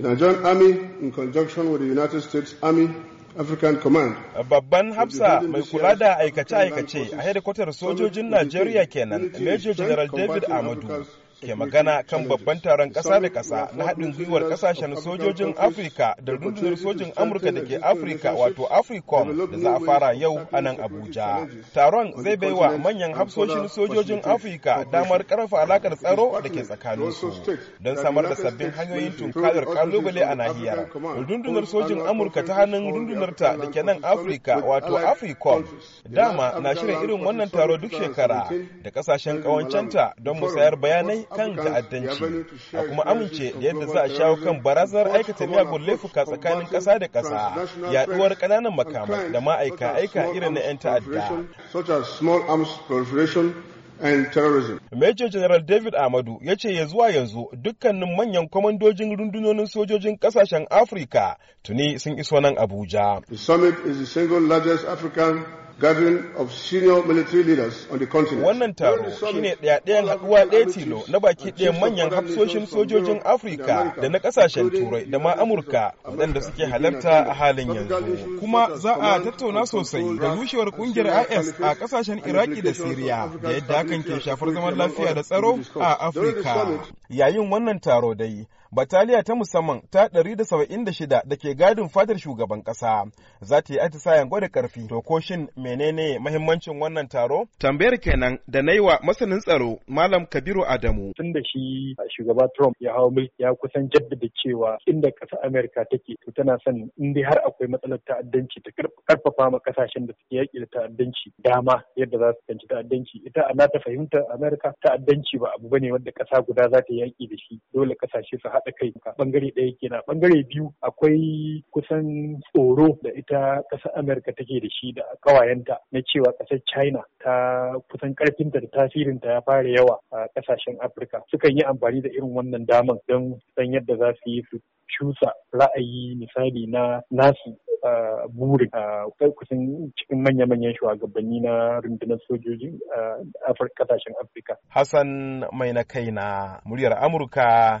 The Nigerian Army, in conjunction with the United States Army, African Command. Babban Hafsa mai kula da aikace-aikace a hedikwatar sojojin Najeriya kenan, Major General David Amadu. ke magana kan babban taron ƙasa da ƙasa na haɗin gwiwar ƙasashen sojojin Afirka da rundunar sojin Amurka da ke Afirka wato Africom da za a fara yau a nan Abuja. Taron zai bai wa manyan hafsoshin sojojin Afirka damar ƙarfa alakar tsaro da ke tsakanin su don samar da sabbin hanyoyin tunkarar kalubale a nahiyar. Rundunar sojin Amurka ta hannun rundunarta da ke nan Afirka wato Africom dama na shirin irin wannan taro duk shekara da ƙasashen ƙawancenta don musayar bayanai kan ta'addanci a kuma amince da yadda za a shawo kan barazanar aikata miyagun laifuka tsakanin ƙasa da ƙasa yaduwar ƙananan makamai da ma'aika aika irin na 'yan ta'adda. and Major General David Amadu ya ce ya zuwa yanzu dukkanin manyan kwamandojin rundunonin sojojin kasashen Afirka tuni sun iso nan Abuja. The summit is the single largest African Wannan taro shine ɗaya-ɗayan haɗuwa ɗaya tilo na baki ɗayan manyan hafsoshin sojojin Afirka da na ƙasashen Turai da ma Amurka waɗanda suke halarta a halin yanzu. Kuma za a tattauna sosai da rushewar ƙungiyar IS a ƙasashen Iraki da Siriya da yadda hakan ke shafar zaman lafiya da tsaro a Afirka. Yayin wannan taro dai, bataliya ta musamman ta 176 da ke gadin fadar shugaban kasa za ta yi atisayen gwada karfi to ko menene mahimmancin wannan taro tambayar kenan da na yi wa masanin tsaro malam kabiru adamu tun da shi shugaba trump ya hau mulki ya kusan jaddada cewa inda ƙasa amerika take to tana son in dai har akwai matsalar ta'addanci ta karfafa ma kasashen da suke yaƙi da ta'addanci dama yadda za su kanci ta'addanci ita ana ta fahimta amerika ta'addanci ba abu bane wanda ƙasa guda za ta yaƙi da shi dole ƙasashe su haɗa kai bangare ɗaya kenan bangare biyu akwai kusan tsoro da ita ƙasar Amurka take da shi da ƙawayenta na cewa ƙasar China ta kusan ƙarfinta da tasirinta ya fara yawa a ƙasashen Afirka sukan yi amfani da irin wannan damar don san yadda za su yi su cusa ra'ayi misali na nasu a burin. a kusan cikin manya-manyan shugabanni na rundunar sojoji a kasashen afirka hassan mai na kai na muryar amurka